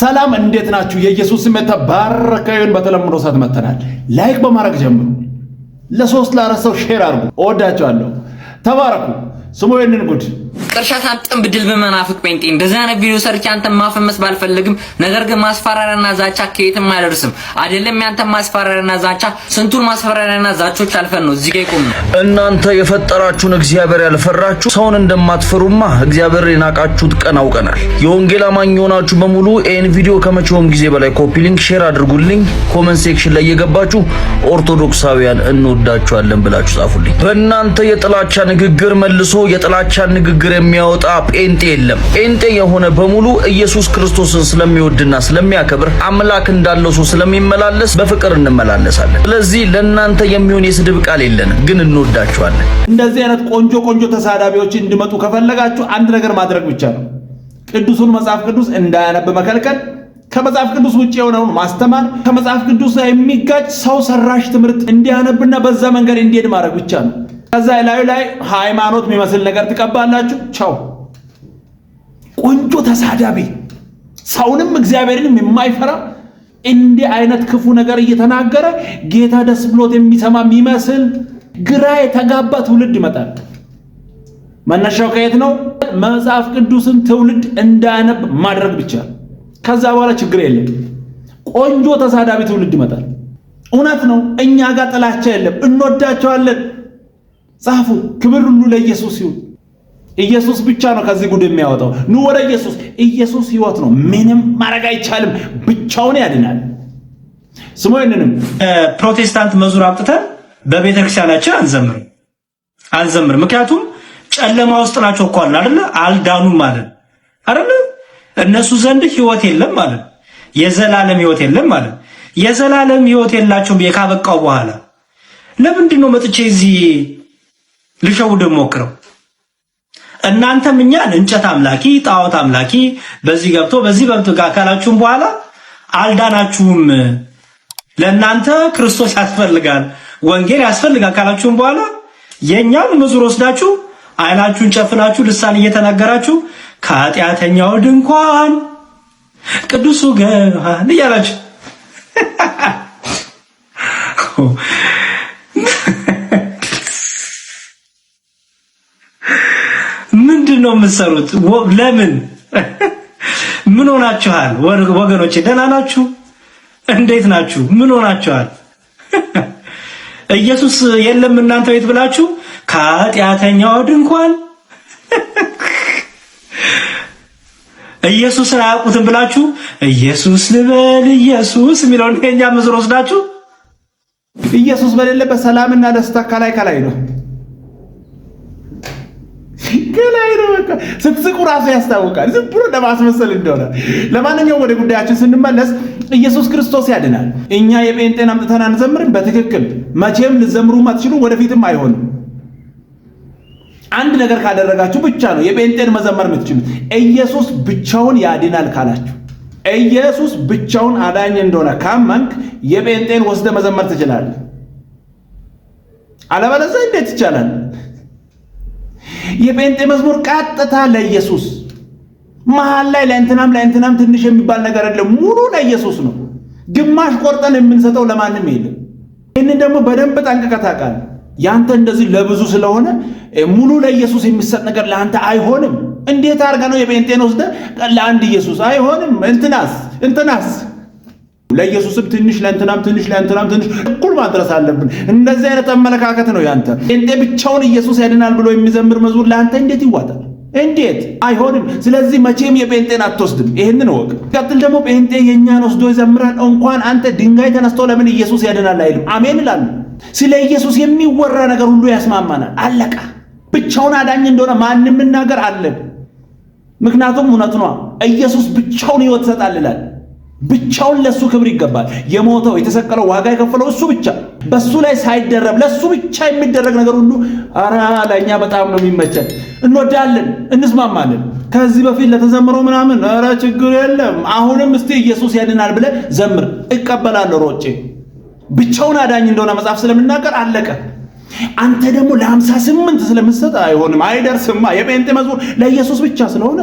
ሰላም እንዴት ናችሁ? የኢየሱስ ስም ይሁን። በተለምዶ ሰዓት መተናል። ላይክ በማድረግ ጀምሩ። ለሶስት ለአራት ሰው ሼር አድርጉ። እወዳችኋለሁ። ተባረኩ። ስሙ ይሄንን ጉድ ቅርሻት አጥም ብድል በመናፍቅ ጴንጤ እንደዚህ አይነት ቪዲዮ ሰርች አንተን ማፈመስ ባልፈልግም፣ ነገር ግን ማስፈራሪያና ዛቻ ከየትም አያደርስም። አይደለም ያንተ ማስፈራሪያና ዛቻ ስንቱን ማስፈራሪያና ዛቾች አልፈን ነው እዚህ ጋር ቆም ነው። እናንተ የፈጠራችሁን እግዚአብሔር ያልፈራችሁ ሰውን እንደማትፈሩማ እግዚአብሔር የናቃችሁት ቀን አውቀናል። የወንጌል አማኝ የሆናችሁ በሙሉ ይህን ቪዲዮ ከመቼውም ጊዜ በላይ ኮፒ ሊንክ፣ ሼር አድርጉልኝ። ኮመንት ሴክሽን ላይ የገባችሁ ኦርቶዶክሳውያን እንወዳችኋለን ብላችሁ ጻፉልኝ። በእናንተ የጥላቻ ንግግር መልሶ የጥላቻን ንግግር የሚያወጣ ጴንጤ የለም። ጴንጤ የሆነ በሙሉ ኢየሱስ ክርስቶስን ስለሚወድና ስለሚያከብር አምላክ እንዳለው ሰው ስለሚመላለስ በፍቅር እንመላለሳለን። ስለዚህ ለእናንተ የሚሆን የስድብ ቃል የለንም፣ ግን እንወዳችኋለን። እንደዚህ አይነት ቆንጆ ቆንጆ ተሳዳቢዎች እንዲመጡ ከፈለጋችሁ አንድ ነገር ማድረግ ብቻ ነው። ቅዱሱን መጽሐፍ ቅዱስ እንዳያነብ መከልከል፣ ከመጽሐፍ ቅዱስ ውጭ የሆነውን ማስተማር፣ ከመጽሐፍ ቅዱስ የሚጋጭ ሰው ሰራሽ ትምህርት እንዲያነብና በዛ መንገድ እንዲሄድ ማድረግ ብቻ ነው። ከዛ ላዩ ላይ ሃይማኖት የሚመስል ነገር ትቀባላችሁ። ቻው። ቆንጆ ተሳዳቢ፣ ሰውንም እግዚአብሔርንም የማይፈራ እንዲህ አይነት ክፉ ነገር እየተናገረ ጌታ ደስ ብሎት የሚሰማ የሚመስል ግራ የተጋባ ትውልድ ይመጣል። መነሻው ከየት ነው? መጽሐፍ ቅዱስን ትውልድ እንዳያነብ ማድረግ ብቻ። ከዛ በኋላ ችግር የለም። ቆንጆ ተሳዳቢ ትውልድ ይመጣል። እውነት ነው። እኛ ጋር ጥላቻ የለም፣ እንወዳቸዋለን። ጻፉ። ክብር ሁሉ ለኢየሱስ ይሁን። ኢየሱስ ብቻ ነው ከዚህ ጉድ የሚያወጣው። ኑ ወደ ኢየሱስ። ኢየሱስ ህይወት ነው። ምንም ማድረግ አይቻልም። ብቻውን ያድናል። ስሙ ይንንም ፕሮቴስታንት መዝሙር አምጥተን በቤተክርስቲያናችን አንዘምርም አንዘምር። ምክንያቱም ጨለማ ውስጥ ናቸው እኮ አለ አይደለ? አልዳኑም ማለት አይደለ? እነሱ ዘንድ ህይወት የለም ማለት የዘላለም ህይወት የለም ማለት የዘላለም ህይወት የላቸውም። የካበቃው በኋላ ለምንድን ነው መጥቼ እዚህ ልሸውድ ሞክረው። እናንተም እኛን እንጨት አምላኪ ጣዖት አምላኪ በዚህ ገብቶ በዚህ በብት ጋር ካላችሁም በኋላ አልዳናችሁም፣ ለእናንተ ክርስቶስ ያስፈልጋል፣ ወንጌል ያስፈልጋል ካላችሁም በኋላ የእኛን ምዙር ወስዳችሁ አይናችሁን ጨፍናችሁ ልሳን እየተናገራችሁ ከኃጢአተኛው ድንኳን ቅዱሱ ገባ እያላችሁ ነው የምትሰሩት? ለምን ምን ሆናችኋል? ወገኖች ደህና ናችሁ? እንዴት ናችሁ? ምን ሆናችኋል? ኢየሱስ የለም እናንተ ቤት ብላችሁ ከኃጢአተኛው ድንኳን ኢየሱስ አያውቁትም ብላችሁ ኢየሱስ ልበል ኢየሱስ የሚለውን የእኛ ምስር ወስዳችሁ ኢየሱስ በሌለበት ሰላምና ደስታ ከላይ ከላይ ነው። ከላይ ነው በቃ ስትስቁ ራሱ ያስታውቃል። ዝም ብሎ ለማስመሰል እንደሆነ። ለማንኛውም ወደ ጉዳያችን ስንመለስ ኢየሱስ ክርስቶስ ያድናል። እኛ የጴንጤን አምጥተን አንዘምርም። በትክክል መቼም ልዘምሩ አትችሉ፣ ወደፊትም አይሆንም። አንድ ነገር ካደረጋችሁ ብቻ ነው የጴንጤን መዘመር የምትችሉት። ኢየሱስ ብቻውን ያድናል ካላችሁ ኢየሱስ ብቻውን አዳኝ እንደሆነ ካመንክ የጴንጤን ወስደ መዘመር ትችላለህ። አለበለዚያ እንዴት ይቻላል? የጴንጤ መዝሙር ቀጥታ ለኢየሱስ መሀል ላይ ለእንትናም ለእንትናም ትንሽ የሚባል ነገር የለም። ሙሉ ለኢየሱስ ነው። ግማሽ ቆርጠን የምንሰጠው ለማንም የለም። ይህንን ደግሞ በደንብ ጠንቅቀህ ታውቃለህ። ያንተ እንደዚህ ለብዙ ስለሆነ ሙሉ ለኢየሱስ የሚሰጥ ነገር ለአንተ አይሆንም። እንዴት አድርጋ ነው የጴንጤን ወስደ ለአንድ ኢየሱስ አይሆንም። እንትናስ እንትናስ ለኢየሱስም ትንሽ ለእንትናም ትንሽ ለእንትናም ትንሽ እኩል ማድረስ አለብን። እንደዚህ አይነት አመለካከት ነው ያንተ። እንዴ ብቻውን ኢየሱስ ያድናል ብሎ የሚዘምር መዝሙር ለአንተ እንዴት ይዋጣል? እንዴት አይሆንም። ስለዚህ መቼም የጴንጤን አትወስድም። ይህንን ወቅ ቀጥል። ደግሞ ጴንጤ የእኛን ወስዶ ይዘምራል። እንኳን አንተ ድንጋይ ተነስቶ ለምን ኢየሱስ ያድናል አይልም። አሜን ይላሉ። ስለ ኢየሱስ የሚወራ ነገር ሁሉ ያስማማናል። አለቃ ብቻውን አዳኝ እንደሆነ ማንም ነገር አለን። ምክንያቱም እውነት ነዋ። ኢየሱስ ብቻውን ህይወት ይሰጣል ይላል። ብቻውን ለሱ ክብር ይገባል። የሞተው የተሰቀለው ዋጋ የከፈለው እሱ ብቻ በሱ ላይ ሳይደረብ ለሱ ብቻ የሚደረግ ነገር ሁሉ አረ ለእኛ በጣም ነው የሚመቸን። እንወዳለን፣ እንስማማለን። ከዚህ በፊት ለተዘምረው ምናምን ረ ችግር የለም አሁንም እስቲ ኢየሱስ ያድናል ብለ ዘምር። እቀበላለሁ ሮጬ ብቻውን አዳኝ እንደሆነ መጽሐፍ ስለምናገር አለቀ። አንተ ደግሞ ለአምሳ ስምንት ስለምትሰጥ አይሆንም፣ አይደርስማ። የጴንጤ መዝሙር ለኢየሱስ ብቻ ስለሆነ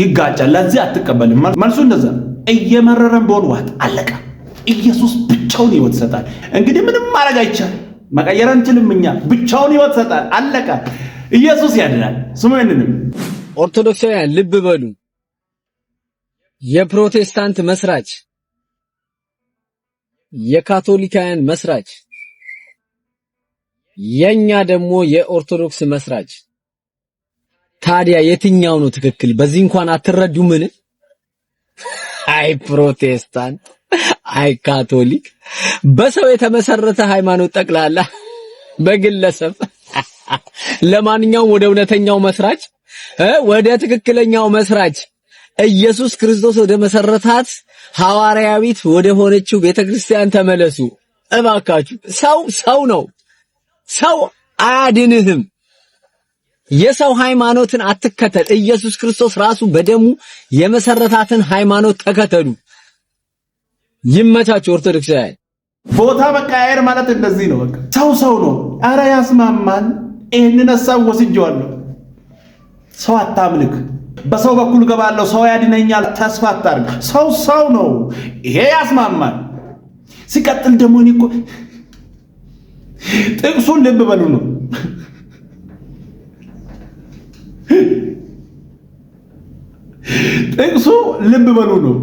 ይጋጫል። ለዚህ አትቀበልም። መልሱ እንደዛ ነው። እየመረረን በሆን ዋጥ አለቀ። ኢየሱስ ብቻውን ህይወት ይሰጣል። እንግዲህ ምንም ማድረግ አይቻል፣ መቀየር አንችልም። እኛ ብቻውን ህይወት ይሰጣል። አለቀ። ኢየሱስ ያድናል። ስሙ ይንንም ኦርቶዶክሳውያን ልብ በሉ። የፕሮቴስታንት መስራች፣ የካቶሊካውያን መስራች፣ የኛ ደግሞ የኦርቶዶክስ መስራች። ታዲያ የትኛው ነው ትክክል? በዚህ እንኳን አትረዱምን? አይ ፕሮቴስታንት፣ አይ ካቶሊክ፣ በሰው የተመሰረተ ሃይማኖት ጠቅላላ በግለሰብ ለማንኛውም ወደ እውነተኛው መስራች ወደ ትክክለኛው መስራች ኢየሱስ ክርስቶስ ወደ መሰረታት ሐዋርያዊት ወደ ሆነችው ቤተክርስቲያን ተመለሱ እባካችሁ። ሰው ሰው ነው። ሰው አያድንህም። የሰው ሃይማኖትን አትከተል። ኢየሱስ ክርስቶስ ራሱ በደሙ የመሰረታትን ሃይማኖት ተከተሉ። ይመቻችሁ ኦርቶዶክሳውያን። ቦታ መቀያየር ማለት እንደዚህ ነው። በቃ ሰው ሰው ነው። አረ ያስማማል። ይህንን ሀሳብ ወስጄዋለሁ። ሰው አታምልክ። በሰው በኩል ገባለሁ፣ ሰው ያድነኛል፣ ተስፋ አታርግ። ሰው ሰው ነው። ይሄ ያስማማል። ሲቀጥል ደግሞ እኔ እኮ ጥቅሱን ልብ በሉ ነው ጥቅሱ ልብ በሉ ነው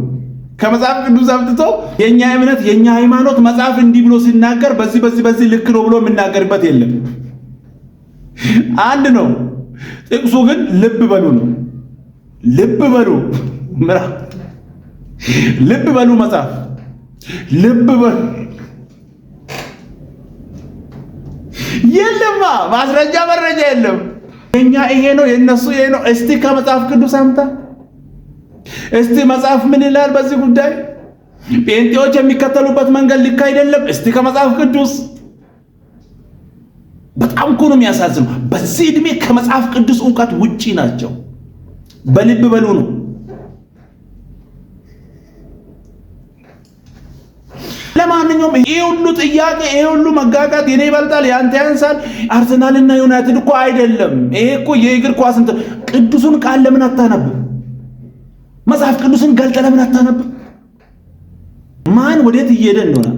ከመጽሐፍ ቅዱስ አምጥቶ የእኛ እምነት የእኛ ሃይማኖት መጽሐፍ እንዲህ ብሎ ሲናገር በዚህ በዚህ በዚህ ልክ ነው ብሎ የምናገርበት የለም። አንድ ነው። ጥቅሱ ግን ልብ በሉ ነው። ልብ በሉ ምራ ልብ በሉ መጽሐፍ ልብ በሉ የለማ ማስረጃ መረጃ የለም። የእኛ ይሄ ነው የእነሱ ይሄ ነው። እስቲ ከመጽሐፍ ቅዱስ አምጣ እስቲ መጽሐፍ ምን ይላል በዚህ ጉዳይ? ጴንጤዎች የሚከተሉበት መንገድ ልክ አይደለም። እስቲ ከመጽሐፍ ቅዱስ በጣም እኮ ነው የሚያሳዝነው። በዚህ እድሜ ከመጽሐፍ ቅዱስ እውቀት ውጪ ናቸው። በልብ በሉ ነው ለማንኛውም ይሄ ሁሉ ጥያቄ ይሄ ሁሉ መጋጋት የኔ ይበልጣል ያንተ ያንሳል፣ አርሰናልና ዩናይትድ እኮ አይደለም። ይሄ እኮ የእግር ኳስ እንትን ቅዱሱን ቃል ለምን አታነብም? መጽሐፍ ቅዱስን ገልጠ ለምን አታነብ? ማን ወዴት እየሄደ እንደሆነ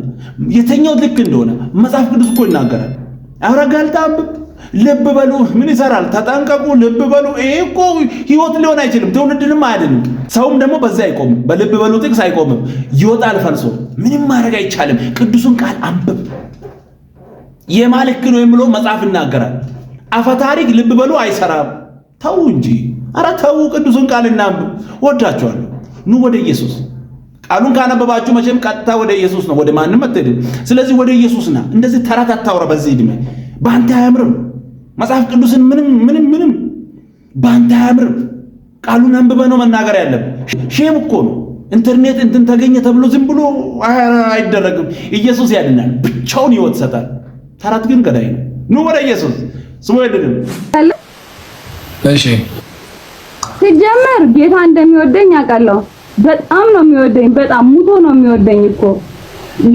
የተኛው ልክ እንደሆነ መጽሐፍ ቅዱስ እኮ ይናገራል። አረ ገልጠ አንብብ። ልብ በሉ ምን ይሰራል? ተጠንቀቁ፣ ልብ በሉ። ይሄ እኮ ህይወት ሊሆን አይችልም፣ ትውልድንም አያድንም። ሰውም ደግሞ በዛ አይቆምም፣ በልብ በሉ ጥቅስ አይቆምም። ይወጣል ፈልሶ። ምንም ማድረግ አይቻልም። ቅዱሱን ቃል አንብብ። የማልክ ነው የምለው መጽሐፍ ይናገራል። አፈታሪክ ልብ በሉ አይሰራም። ተው እንጂ አረ ተው፣ ቅዱሱን ቃል እናንብብ። ወዳችኋለሁ። ኑ ወደ ኢየሱስ። ቃሉን ካነበባችሁ መቼም ቀጥታ ወደ ኢየሱስ ነው፣ ወደ ማንም አትሄድም። ስለዚህ ወደ ኢየሱስ ና። እንደዚህ ተረት አታውራ። በዚህ ዕድሜ በአንተ አያምርም። መጽሐፍ ቅዱስን ምንም ምንም ምንም በአንተ አያምርም። ቃሉን አንብበ ነው መናገር ያለብ። ሼም እኮ ነው ኢንተርኔት እንትን ተገኘ ተብሎ ዝም ብሎ አይደረግም። ኢየሱስ ያድናል፣ ብቻውን ይወት ይሰጣል። ተረት ግን ገዳይ ነው። ኑ ወደ ኢየሱስ ስሙ ይድንም። እሺ ሲጀመር ጌታ እንደሚወደኝ አውቃለሁ። በጣም ነው የሚወደኝ፣ በጣም ሙቶ ነው የሚወደኝ እኮ።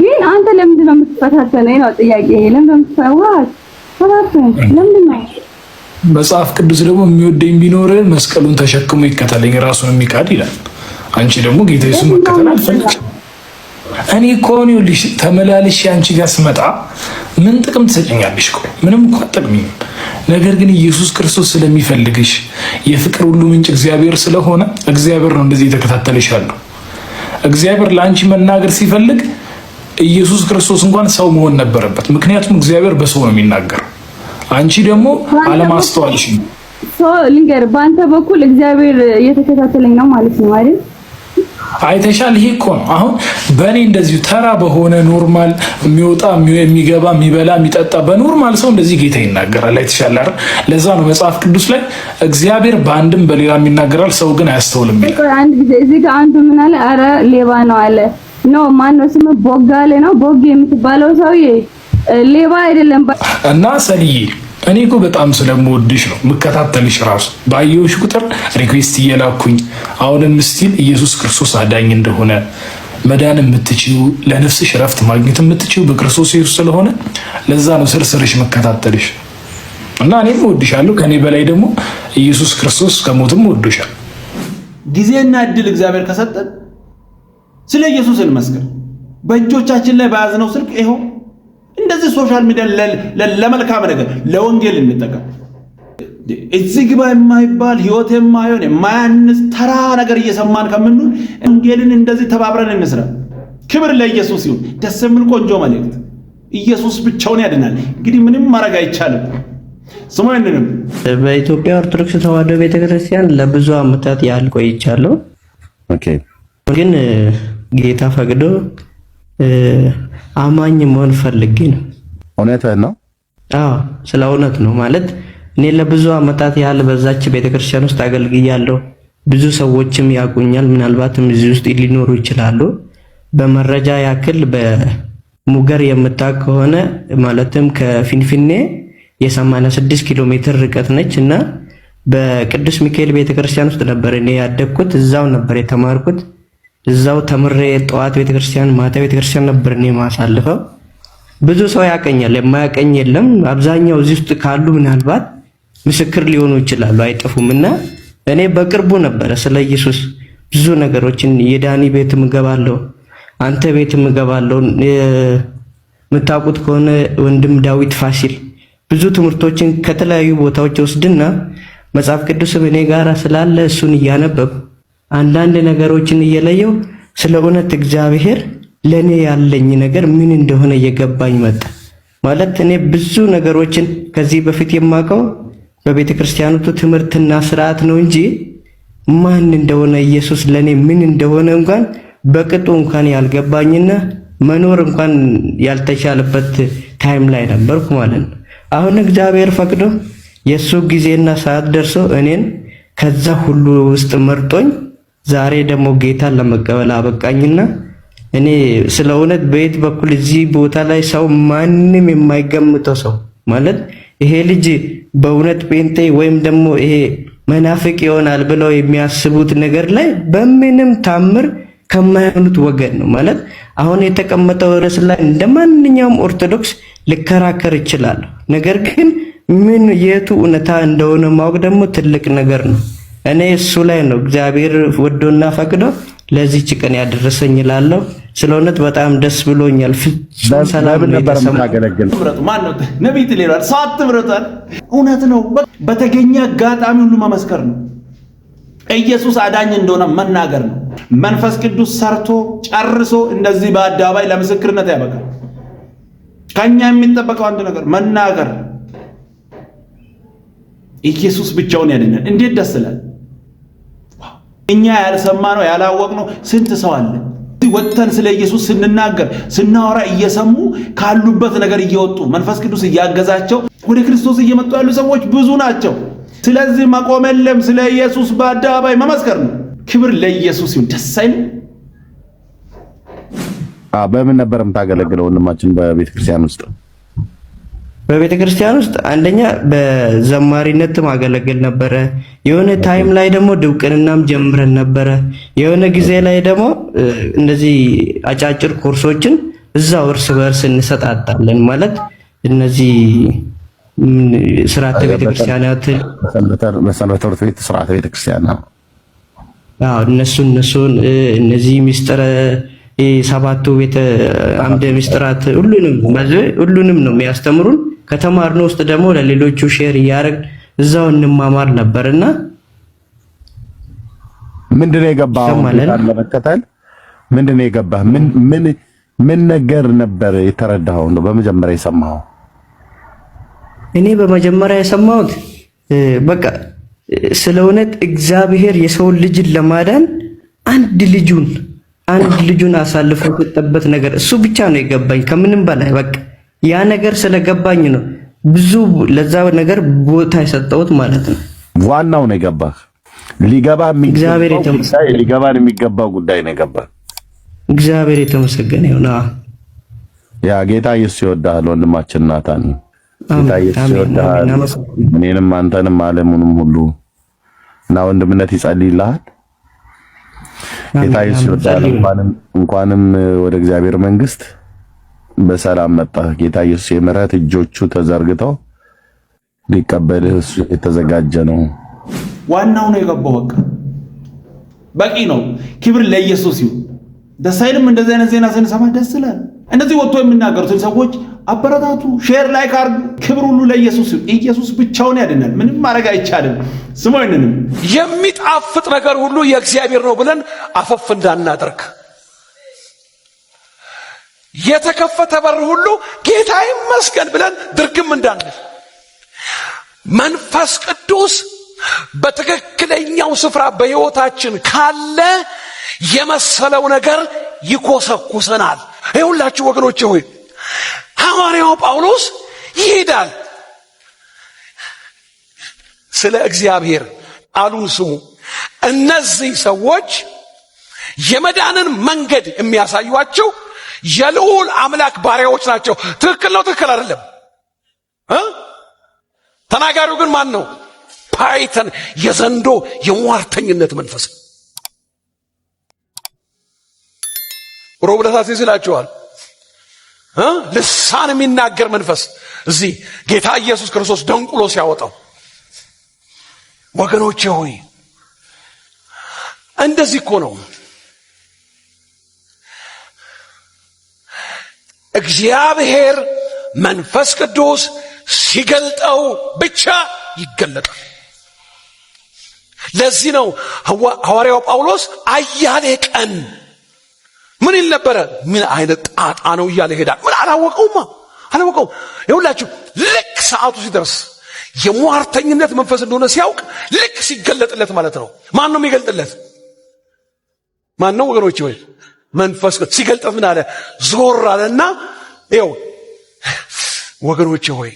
ግን አንተ ለምንድን ነው የምትፈታተነኝ ነው ጥያቄ። ለምን በምትፈዋት ፈታተን ለምንድን ነው? መጽሐፍ ቅዱስ ደግሞ የሚወደኝ ቢኖር መስቀሉን ተሸክሞ ይከተለኝ ራሱን የሚካድ ይላል። አንቺ ደግሞ ጌታ ኢየሱስን መከተል አልፈልግም እኔ እኮ አሁን ይኸውልሽ ተመላልሽ አንቺ ጋር ስመጣ ምን ጥቅም ትሰጭኛለሽ? እኮ ምንም እኮ አጠቅሚኝም። ነገር ግን ኢየሱስ ክርስቶስ ስለሚፈልግሽ የፍቅር ሁሉ ምንጭ እግዚአብሔር ስለሆነ እግዚአብሔር ነው እንደዚህ የተከታተለሽ ያለው። እግዚአብሔር ለአንቺ መናገር ሲፈልግ ኢየሱስ ክርስቶስ እንኳን ሰው መሆን ነበረበት። ምክንያቱም እግዚአብሔር በሰው ነው የሚናገረው። አንቺ ደግሞ አለማስተዋልሽ ነው። ልንገር፣ በአንተ በኩል እግዚአብሔር እየተከታተለኝ ነው ማለት ነው አይደል? አይተሻል። ይሄ እኮ ነው አሁን በእኔ እንደዚሁ ተራ በሆነ ኖርማል የሚወጣ የሚገባ የሚበላ የሚጠጣ በኖርማል ሰው እንደዚህ ጌታ ይናገራል። አይተሻል አይደል? ለዛ ነው መጽሐፍ ቅዱስ ላይ እግዚአብሔር በአንድም በሌላ ይናገራል፣ ሰው ግን አያስተውልም አንድ ጊዜ እዚህ ጋር አንዱ ምን አለ? አረ ሌባ ነው አለ። ኖ ማን ነው ስም ቦጋሌ ነው ቦጌ የምትባለው ሰውዬ ሌባ አይደለም እና ሰልዬ እኔ እኮ በጣም ስለምወድሽ ነው ምከታተልሽ። ራሱ በአየሁሽ ቁጥር ሪኩዌስት እየላኩኝ አሁንም ስቲል ኢየሱስ ክርስቶስ አዳኝ እንደሆነ መዳን የምትችው ለነፍስሽ ረፍት ማግኘት የምትችው በክርስቶስ ኢየሱስ ስለሆነ ለዛ ነው ስርስርሽ መከታተልሽ እና እኔም እወድሻለሁ። ከእኔ በላይ ደግሞ ኢየሱስ ክርስቶስ ከሞትም ወዶሻል። ጊዜና እድል እግዚአብሔር ከሰጠን ስለ ኢየሱስ እንመስክር። በእጆቻችን ላይ በያዝነው ስልክ ይኸው እንደዚህ ሶሻል ሚዲያ ለመልካም ነገር ለወንጌል እንጠቀም። እዚህ ግባ የማይባል ህይወት የማይሆን የማያንስ ተራ ነገር እየሰማን ከምንል ወንጌልን እንደዚህ ተባብረን እንስራ። ክብር ለኢየሱስ ይሁን። ደስ የሚል ቆንጆ መልእክት። ኢየሱስ ብቻውን ያድናል። እንግዲህ ምንም ማድረግ አይቻልም። ስሙንንም በኢትዮጵያ ኦርቶዶክስ ተዋህዶ ቤተክርስቲያን ለብዙ አመታት ያህል ቆይቻለሁ። ግን ጌታ ፈቅዶ አማኝ መሆን ፈልጌ ነው። እውነትህን ነው። አዎ ስለ እውነት ነው። ማለት እኔ ለብዙ አመታት ያህል በዛች ቤተክርስቲያን ውስጥ አገልግያለሁ። ብዙ ሰዎችም ያቁኛል። ምናልባትም እዚህ ውስጥ ሊኖሩ ይችላሉ። በመረጃ ያክል በሙገር የምታውቅ ከሆነ ማለትም ከፊንፊኔ የ86 ኪሎ ሜትር ርቀት ነች እና በቅዱስ ሚካኤል ቤተክርስቲያን ውስጥ ነበር እኔ ያደግኩት። እዛው ነበር የተማርኩት። እዛው ተምሬ ጠዋት ቤተክርስቲያን፣ ማታ ቤተክርስቲያን ነበር እኔ ማሳልፈው። ብዙ ሰው ያቀኛል፣ የማያቀኝ የለም። አብዛኛው እዚህ ውስጥ ካሉ ምናልባት ምስክር ሊሆኑ ይችላሉ፣ አይጠፉም። እና እኔ በቅርቡ ነበረ ስለ ኢየሱስ ብዙ ነገሮችን የዳኒ ቤት ምገባለው አንተ ቤት ምገባለው የምታውቁት ከሆነ ወንድም ዳዊት ፋሲል ብዙ ትምህርቶችን ከተለያዩ ቦታዎች ወስድና መጽሐፍ ቅዱስም እኔ ጋር ስላለ እሱን እያነበብ አንዳንድ ነገሮችን እየለየው ስለ እውነት እግዚአብሔር ለኔ ያለኝ ነገር ምን እንደሆነ እየገባኝ መጣ። ማለት እኔ ብዙ ነገሮችን ከዚህ በፊት የማውቀው በቤተ ክርስቲያኖቱ ትምህርትና ስርዓት ነው እንጂ ማን እንደሆነ ኢየሱስ ለኔ ምን እንደሆነ እንኳን በቅጡ እንኳን ያልገባኝና መኖር እንኳን ያልተቻለበት ታይም ላይ ነበርኩ ማለት ነው። አሁን እግዚአብሔር ፈቅዶ የሱ ጊዜና ሰዓት ደርሶ እኔን ከዛ ሁሉ ውስጥ መርጦኝ ዛሬ ደግሞ ጌታን ለመቀበል አበቃኝና እኔ ስለ እውነት በየት በኩል እዚህ ቦታ ላይ ሰው ማንም የማይገምተው ሰው ማለት ይሄ ልጅ በእውነት ጴንጤ ወይም ደግሞ ይሄ መናፍቅ ይሆናል ብለው የሚያስቡት ነገር ላይ በምንም ታምር ከማይሆኑት ወገን ነው። ማለት አሁን የተቀመጠው ርዕስ ላይ እንደ ማንኛውም ኦርቶዶክስ ልከራከር ይችላለሁ። ነገር ግን ምን የቱ እውነታ እንደሆነ ማወቅ ደግሞ ትልቅ ነገር ነው። እኔ እሱ ላይ ነው እግዚአብሔር ወዶና ፈቅዶ ለዚህ ጭቀን ያደረሰኝ እላለሁ። ስለ እውነት በጣም ደስ ብሎኛል። ፍጹም ሰላም ነበር ሰዓት እውነት ነው። በተገኘ አጋጣሚ ሁሉ መመስከር ነው። ኢየሱስ አዳኝ እንደሆነ መናገር ነው። መንፈስ ቅዱስ ሰርቶ ጨርሶ እንደዚህ በአደባባይ ለምስክርነት ያበቃል። ከኛ የሚጠበቀው አንድ ነገር መናገር። ኢየሱስ ብቻውን ያድናል። እንዴት ደስ ይላል! እኛ ያልሰማነው ያላወቅነው ስንት ሰው አለ። ወጥተን ስለ ኢየሱስ ስንናገር ስናወራ እየሰሙ ካሉበት ነገር እየወጡ መንፈስ ቅዱስ እያገዛቸው ወደ ክርስቶስ እየመጡ ያሉ ሰዎች ብዙ ናቸው። ስለዚህ መቆም የለም፣ ስለ ኢየሱስ በአደባባይ መመስከር ነው። ክብር ለኢየሱስ ይሁን። ደስ አይልም? በምን ነበር የምታገለግለው ወንድማችን በቤተክርስቲያን ውስጥ? በቤተ ክርስቲያን ውስጥ አንደኛ በዘማሪነት ማገለገል ነበረ። የሆነ ታይም ላይ ደግሞ ድብቅንናም ጀምረን ነበረ። የሆነ ጊዜ ላይ ደግሞ እነዚህ አጫጭር ኮርሶችን እዛው እርስ በእርስ እንሰጣጣለን። ማለት እነዚህ ስርዓተ ቤተ ክርስቲያናትን ቤት ስርዓተ ቤተ ክርስቲያን ነው። አዎ እነሱ እነሱን እነዚህ ሚስጥረ ሰባቱ ቤተ አምደ ሚስጥራት ሁሉንም ሁሉንም ነው የሚያስተምሩን ከተማርን ውስጥ ደግሞ ለሌሎቹ ሼር እያደረግን እዛው እንማማር ነበርና ምንድነው ነው የገባህ? ለመከተል ምንድን ነው የገባህ? ምን ምን ነገር ነበር የተረዳኸው? ነው በመጀመሪያ የሰማኸው? እኔ በመጀመሪያ የሰማሁት በቃ ስለ እውነት እግዚአብሔር የሰውን ልጅን ለማዳን አንድ ልጁን አንድ ልጁን አሳልፎ የሰጠበት ነገር እሱ ብቻ ነው የገባኝ ከምንም በላይ በቃ ያ ነገር ስለገባኝ ነው ብዙ ለዛ ነገር ቦታ የሰጠሁት ማለት ነው። ዋናው ነው የገባህ ሊገባ ሊገባን የሚገባው ጉዳይ ነው የገባህ። እግዚአብሔር የተመሰገነ ይሁን። ያ ጌታ ኢየሱስ ይወዳሃል ወንድማችን ናታን። ጌታ ኢየሱስ ይወዳሃል። እኔንም አንተንም ዓለሙንም ሁሉ እና ወንድምነት ይጸልይልሃል። ጌታ ኢየሱስ ይወዳሃል። እንኳንም ወደ እግዚአብሔር መንግስት በሰላም መጣ። ጌታ ኢየሱስ የምህረት እጆቹ ተዘርግተው ሊቀበልህ እሱ የተዘጋጀ ነው። ዋናው ነው የገባው። በቃ በቂ ነው። ክብር ለኢየሱስ ይሁን። ደስ አይልም? እንደዚህ አይነት ዜና ስንሰማ ደስ ይላል። እንደዚህ ወጥቶ የሚናገሩትን ሰዎች አበረታቱ፣ ሼር ላይ ካርዱ። ክብር ሁሉ ለኢየሱስ ይሁን። ኢየሱስ ብቻውን ያድናል። ምንም ማድረግ አይቻልም። ይንንም የሚጣፍጥ ነገር ሁሉ የእግዚአብሔር ነው ብለን አፈፍ እንዳናደርግ የተከፈተ በር ሁሉ ጌታ ይመስገን ብለን ድርግም እንዳንል መንፈስ ቅዱስ በትክክለኛው ስፍራ በሕይወታችን ካለ የመሰለው ነገር ይኮሰኩሰናል። ይሁላችሁ ወገኖቼ ሆይ ሐዋርያው ጳውሎስ ይሄዳል። ስለ እግዚአብሔር አሉን ስሙ። እነዚህ ሰዎች የመዳንን መንገድ የሚያሳዩአቸው የልዑል አምላክ ባሪያዎች ናቸው። ትክክል ነው፣ ትክክል አይደለም? ተናጋሪው ግን ማን ነው? ፓይተን፣ የዘንዶ የሟርተኝነት መንፈስ ሮብለታት ይላቸዋል። ልሳን የሚናገር መንፈስ እዚህ ጌታ ኢየሱስ ክርስቶስ ደንቁሎ ሲያወጣው ወገኖቼ ሆይ እንደዚህ እኮ ነው። እግዚአብሔር መንፈስ ቅዱስ ሲገልጠው ብቻ ይገለጣል። ለዚህ ነው ሐዋርያው ጳውሎስ አያሌ ቀን ምን ይል ነበረ? ምን አይነት ጣጣ ነው እያለ ይሄዳል። ምን አላወቀውማ፣ አላወቀው ይሁላችሁ። ልክ ሰዓቱ ሲደርስ የሟርተኝነት መንፈስ እንደሆነ ሲያውቅ ልክ ሲገለጥለት ማለት ነው። ማን ነው የሚገልጥለት? ማን ነው ወገኖች? ወይ መንፈስ ቅዱስ ምን አለ? ዞር አለና ይኸው ወገኖች ሆይ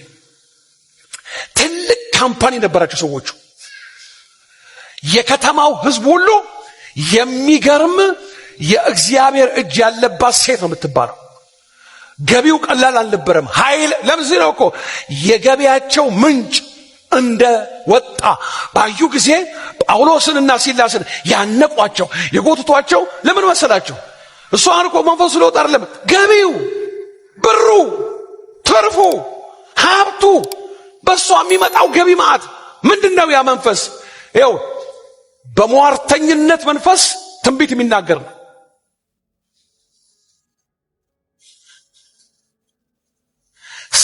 ትልቅ ካምፓኒ ነበራቸው ሰዎቹ። የከተማው ህዝብ ሁሉ የሚገርም የእግዚአብሔር እጅ ያለባት ሴት ነው የምትባለው። ገቢው ቀላል አልነበረም። ኃይል ለምዚህ ነው እኮ የገቢያቸው ምንጭ እንደ ወጣ ባዩ ጊዜ ጳውሎስንና ሲላስን ያነቋቸው የጎትቷቸው ለምን መሰላቸው? እሷን እኮ መንፈሱ ለውጥ አይደለም ገቢው፣ ብሩ፣ ትርፉ፣ ሀብቱ በእሷ የሚመጣው ገቢ ማዕት ምንድን ነው? ያ መንፈስ ይኸው በሟርተኝነት መንፈስ ትንቢት የሚናገር ነው።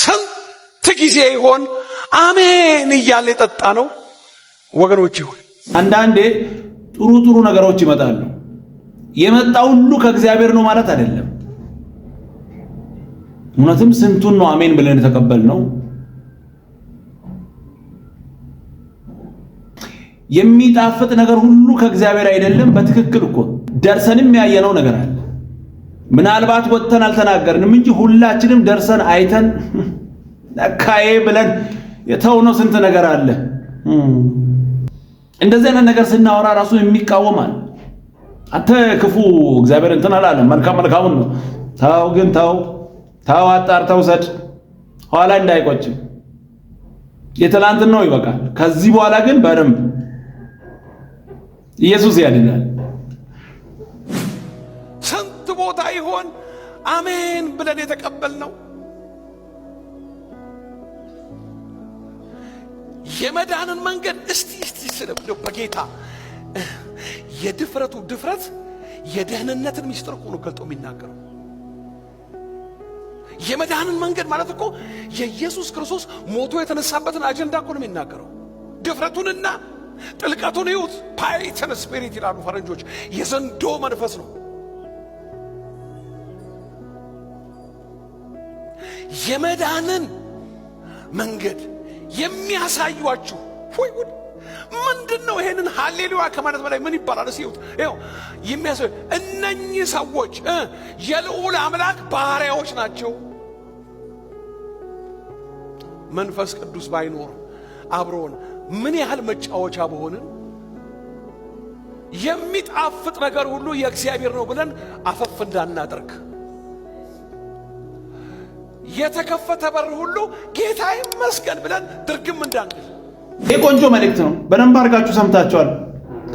ስንት ጊዜ ይሆን አሜን እያለ የጠጣ ነው ወገኖች? ይሆን አንዳንዴ ጥሩ ጥሩ ነገሮች ይመጣሉ የመጣ ሁሉ ከእግዚአብሔር ነው ማለት አይደለም። እውነትም ስንቱን ነው አሜን ብለን የተቀበልነው? የሚጣፍጥ ነገር ሁሉ ከእግዚአብሔር አይደለም። በትክክል እኮ ደርሰንም ያየነው ነገር አለ። ምናልባት ወጥተን አልተናገርንም እንጂ ሁላችንም ደርሰን አይተን ለካዬ ብለን የተውነው ስንት ነገር አለ። እንደዚህ አይነት ነገር ስናወራ ራሱ አለ። አንተ ክፉ እግዚአብሔር እንትን አላለም። መልካም መልካሙን ነው። ተው ግን ተው ተው፣ አጣርተው ሰድ ኋላ እንዳይቆጭም የትላንትን ነው ይበቃል። ከዚህ በኋላ ግን በደንብ ኢየሱስ ያድናል። ስንት ቦታ ይሆን አሜን ብለን የተቀበልነው? የመዳንን መንገድ እስቲ እስቲ ስለ በጌታ የድፍረቱ ድፍረት የደህንነትን ሚስጥር ሆኖ ገልጦ የሚናገረው። የመድሃንን መንገድ ማለት እኮ የኢየሱስ ክርስቶስ ሞቶ የተነሳበትን አጀንዳ እኮ ነው የሚናገረው። ድፍረቱንና ጥልቀቱን ይዩት። ፓይተን ስፒሪት ይላሉ ፈረንጆች፣ የዘንዶ መንፈስ ነው። የመድሃንን መንገድ የሚያሳዩአችሁ ወይ ምንድን ነው? ይሄንን ሀሌሉያ ከማለት በላይ ምን ይባላል? እስኪ ይው የሚያስ እነኚህ ሰዎች የልዑል አምላክ ባሪያዎች ናቸው። መንፈስ ቅዱስ ባይኖር አብሮን ምን ያህል መጫወቻ በሆንን። የሚጣፍጥ ነገር ሁሉ የእግዚአብሔር ነው ብለን አፈፍ እንዳናደርግ የተከፈተ በር ሁሉ ጌታ ይመስገን ብለን ድርግም እንዳንል ይህ ቆንጆ መልእክት ነው። በደንብ አድርጋችሁ ሰምታችኋል።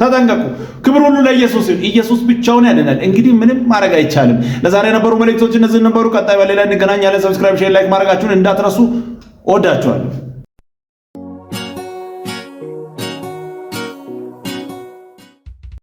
ተጠንቀቁ። ክብር ሁሉ ለኢየሱስ ይሁን። ኢየሱስ ብቻውን ያድናል። እንግዲህ ምንም ማድረግ አይቻልም። ለዛሬ የነበሩ መልእክቶች እነዚህ ነበሩ። ቀጣይ በሌላ እንገናኛለን። ሰብስክራይብ፣ ሼር፣ ላይክ ማድረጋችሁን እንዳትረሱ። እወዳችኋለሁ።